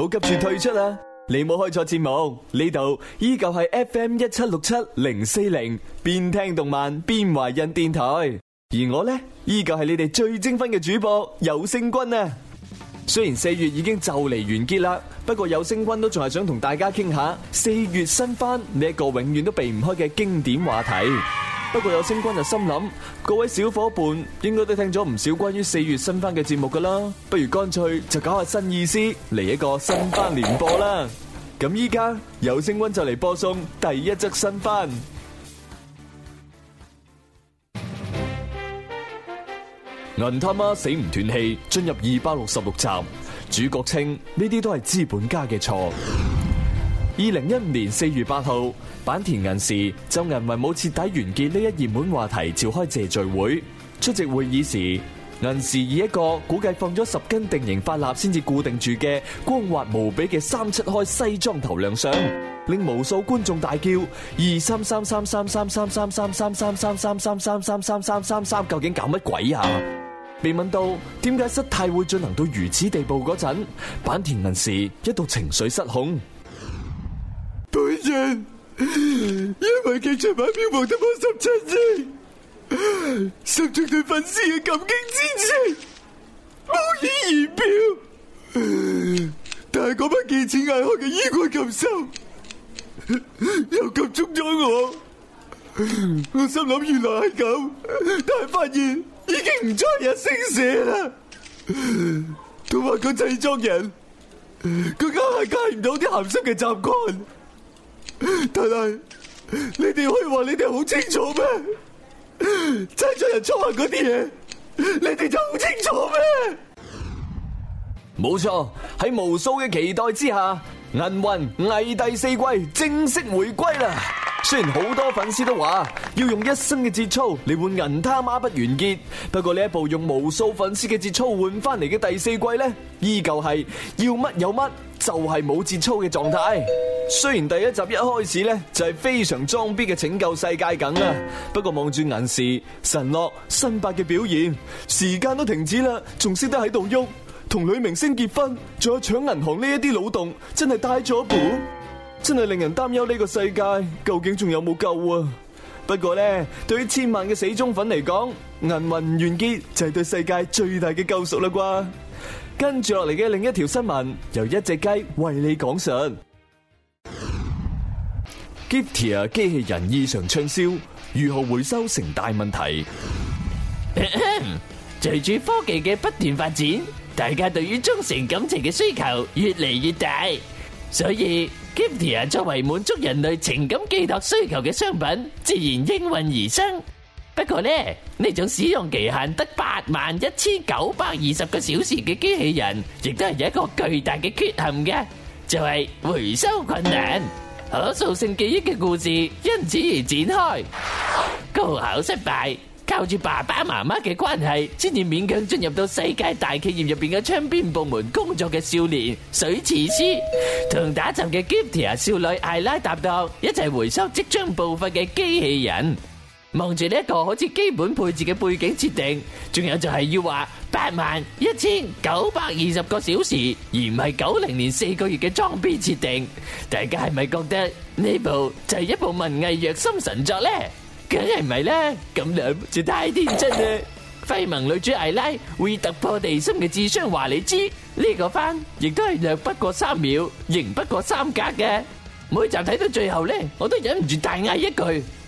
好急住退出啊！你冇開錯節目，呢度依舊係 FM 一七六七零四零，邊聽動漫邊懷印電台。而我呢依舊係你哋最精分嘅主播有星君啊！雖然四月已經就嚟完結啦，不過有星君都仲係想同大家傾下四月新番呢一個永遠都避唔開嘅經典話題。不過有星君就心諗，各位小伙伴應該都聽咗唔少關於四月新番嘅節目噶啦，不如乾脆就搞下新意思，嚟一個新番連播啦！咁依家有星君就嚟播送第一則新番。「銀他媽死唔斷氣」，進入二百六十六集，主角稱呢啲都係資本家嘅錯。二零一五年四月八號，坂田銀時就銀魂冇徹底完結呢一熱門話題召開謝罪會。出席會議時，銀時以一個估計放咗十斤定型髮蠟先至固定住嘅光滑無比嘅三七開西裝頭亮相，令無數觀眾大叫：二三三三三三三三三三三三三三三三三三三三，究竟搞乜鬼啊？被問到點解失態會進行到如此地步嗰陣，坂田銀時一度情緒失控。人因為佢劇場版票房都冇十七億，心中對粉絲嘅感激之情，無以言表。但係嗰筆見錢壓我嘅衣冠禽獸，又夾足咗我。我心諗原來係咁，但係發現已經唔再有星射啦。同埋嗰個製作人，佢硬係戒唔到啲咸濕嘅習慣。但係，你哋可以話你哋好清楚咩？製作人策劃嗰啲嘢，你哋就好清楚咩？冇錯，喺無數嘅期待之下，銀魂第四季正式回歸啦！雖然好多粉絲都話要用一生嘅節操嚟換銀他媽不完結，不過呢一部用無數粉絲嘅節操換翻嚟嘅第四季咧，依舊係要乜有乜，就係冇節操嘅狀態。雖然第一集一開始咧就係、是、非常裝逼嘅拯救世界梗啦，不過望住銀時、神樂、新八嘅表現，時間都停止啦，仲識得喺度喐，同女明星結婚，仲有搶銀行呢一啲腦洞，真係大咗步，真係令人擔憂呢個世界究竟仲有冇救啊？不過咧，對於千萬嘅死忠粉嚟講，銀魂唔完結就係對世界最大嘅救贖啦！啩，跟住落嚟嘅另一條新聞，由一隻雞為你講述。Giftia 機器人異常暢銷，如何回收成大問題？隨住科技嘅不斷發展，大家對於忠誠感情嘅需求越嚟越大，所以 Giftia 作為滿足人類情感寄託需求嘅商品，自然應運而生。不過呢，呢種使用期限得八萬一千九百二十個小時嘅機器人，亦都係有一個巨大嘅缺陷嘅，就係回收困難。可塑性記憶嘅故事，因此而展開。高考失敗，靠住爸爸媽媽嘅關係，先至勉強進入到世界大企業入邊嘅窗邊部門工作嘅少年水池師，同打雜嘅 Giftia 少女艾拉搭檔，一齊回收即將報廢嘅機器人。望住呢一個好似基本配置嘅背景設定，仲有就係要話八萬一千九百二十個小時，而唔係九零年四個月嘅裝逼設定，大家係咪覺得呢部就係一部文藝虐心神作咧？梗係唔係啦，咁樣就太天真啦！緋聞女主艾拉會突破地心嘅智商話你知，呢個番亦都係虐不過三秒，贏不過三格嘅。每集睇到最後咧，我都忍唔住大嗌一句。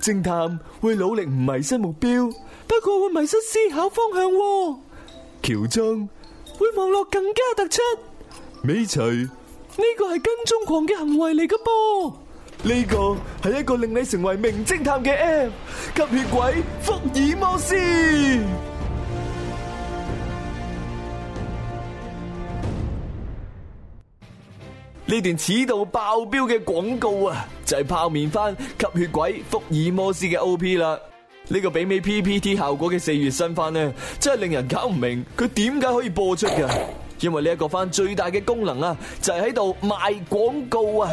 偵探會努力唔迷失目標，不過會迷失思考方向。喬裝會網絡更加突出。尾隨呢個係跟蹤狂嘅行為嚟噶噃，呢個係一個令你成為名偵探嘅 M 吸血鬼福爾摩斯。呢段尺度爆表嘅廣告啊，就係泡麵番吸血鬼福爾摩斯嘅 OP 啦！呢個媲美 PPT 效果嘅四月新番呢，真係令人搞唔明佢點解可以播出噶。因為呢一個番最大嘅功能啊，就係喺度賣廣告啊！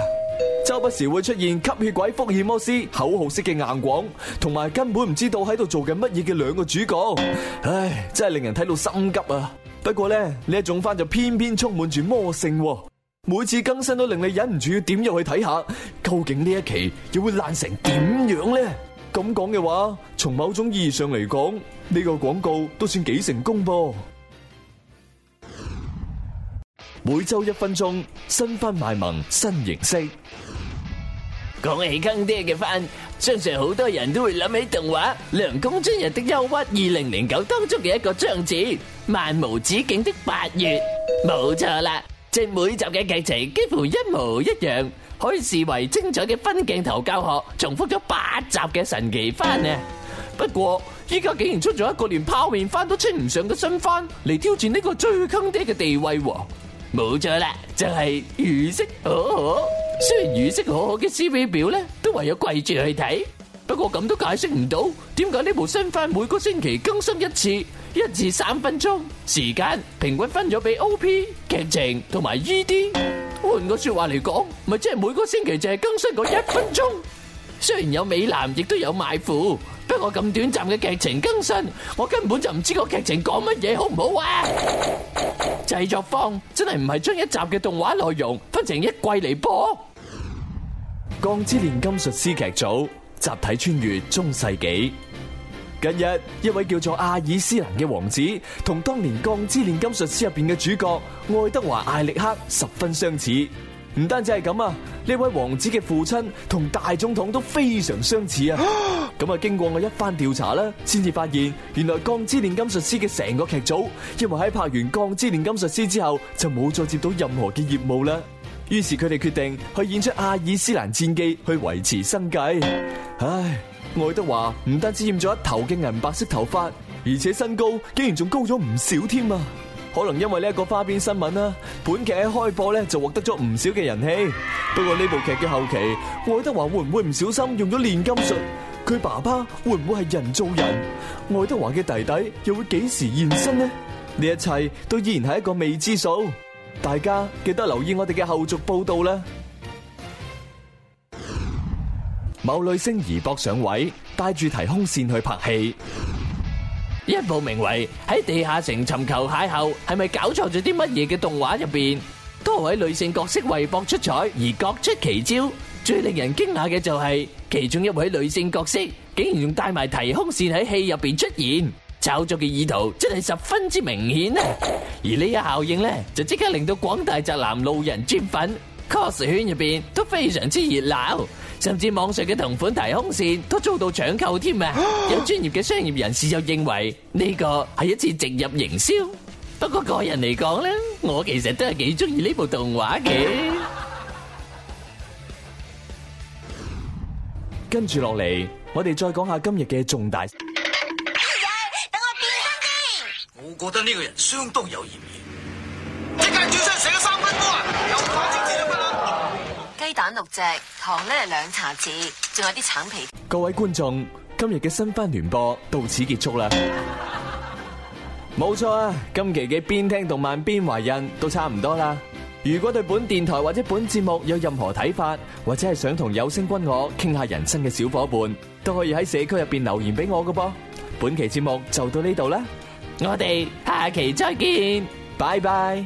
周不時會出現吸血鬼福爾摩斯口號式嘅硬廣，同埋根本唔知道喺度做緊乜嘢嘅兩個主角，唉，真係令人睇到心急啊！不過呢，呢一種番就偏偏充滿住魔性。每次更新都令你忍唔住要點入去睇下，究竟呢一期又會爛成點樣呢？咁講嘅話，從某種意義上嚟講，呢、這個廣告都算幾成功噃。每周一分鐘，新番賣萌新形式。講起坑爹嘅番，相信好多人都會諗起動畫《涼宮春日的憂鬱》二零零九當中嘅一個章節——《漫無止境的八月》，錯，冇錯啦。即每集嘅劇情幾乎一模一樣，可以視為精彩嘅分鏡頭教學，重複咗八集嘅神奇番啊！不過依家竟然出咗一個連泡麵番都稱唔上嘅新番嚟挑戰呢個最坑爹嘅地位，冇錯啦，就係雨色可可。雖然雨色可可嘅 CV 表咧都唯有跪住去睇。不過咁都解釋唔到，點解呢部新番每個星期更新一次，一至三分鐘時間，平均分咗俾 OP 劇情同埋 ED。換個說話嚟講，咪即係每個星期淨係更新個一分鐘。雖然有美男，亦都有埋伏，不過咁短暫嘅劇情更新，我根本就唔知個劇情講乜嘢好唔好啊！製作方真係唔係將一集嘅動畫內容分成一季嚟播，《鋼之煉金術師》劇組。集體穿越中世紀。近日，一位叫做阿爾斯蘭嘅王子，同當年《鋼之煉金術師》入邊嘅主角愛德華艾力克十分相似。唔單止係咁啊，呢位王子嘅父親同大總統都非常相似啊。咁啊， 經過我一番調查啦，先至發現原來《鋼之煉金術師》嘅成個劇組，因為喺拍完《鋼之煉金術師》之後，就冇再接到任何嘅業務啦。於是佢哋決定去演出阿爾斯蘭戰記去維持生計。唉，愛德華唔單止染咗一頭嘅銀白色頭髮，而且身高竟然仲高咗唔少添啊！可能因為呢一個花邊新聞啦，本劇一開播咧就獲得咗唔少嘅人氣。不過呢部劇嘅後期，愛德華會唔會唔小心用咗煉金術？佢爸爸會唔會係人造人？愛德華嘅弟弟又會幾時現身呢？呢一切都依然係一個未知數。大家記得留意我哋嘅後續報道啦。某女星疑博上位，帶住提空綫去拍戲。一部名為《喺地下城尋求邂逅》係咪搞錯咗啲乜嘢嘅動畫入邊，多位女性角色為博出彩而各出奇招。最令人驚訝嘅就係，其中一位女性角色竟然用帶埋提空綫喺戲入邊出現。炒作嘅意圖真係十分之明顯，而呢一效應咧，就即刻令到廣大宅男路人轉粉，cos 圈入邊都非常之熱鬧，甚至網上嘅同款提空線都遭到搶購添啊！有專業嘅商業人士又認為呢個係一次植入營銷，不過個人嚟講咧，我其實都係幾中意呢部動畫嘅。跟住落嚟，我哋再講下今日嘅重大。覺得呢個人相當有嫌疑。即刻轉身射咗三分波啊！鐘雞蛋六隻，糖呢兩茶匙，仲有啲橙皮。各位觀眾，今日嘅新番聯播到此結束啦。冇 錯啊，今期嘅邊聽動漫邊懷孕都差唔多啦。如果對本電台或者本節目有任何睇法，或者係想同有聲君我傾下人生嘅小伙伴，都可以喺社區入邊留言俾我嘅噃。本期節目就到呢度啦。我哋下期再見，拜拜。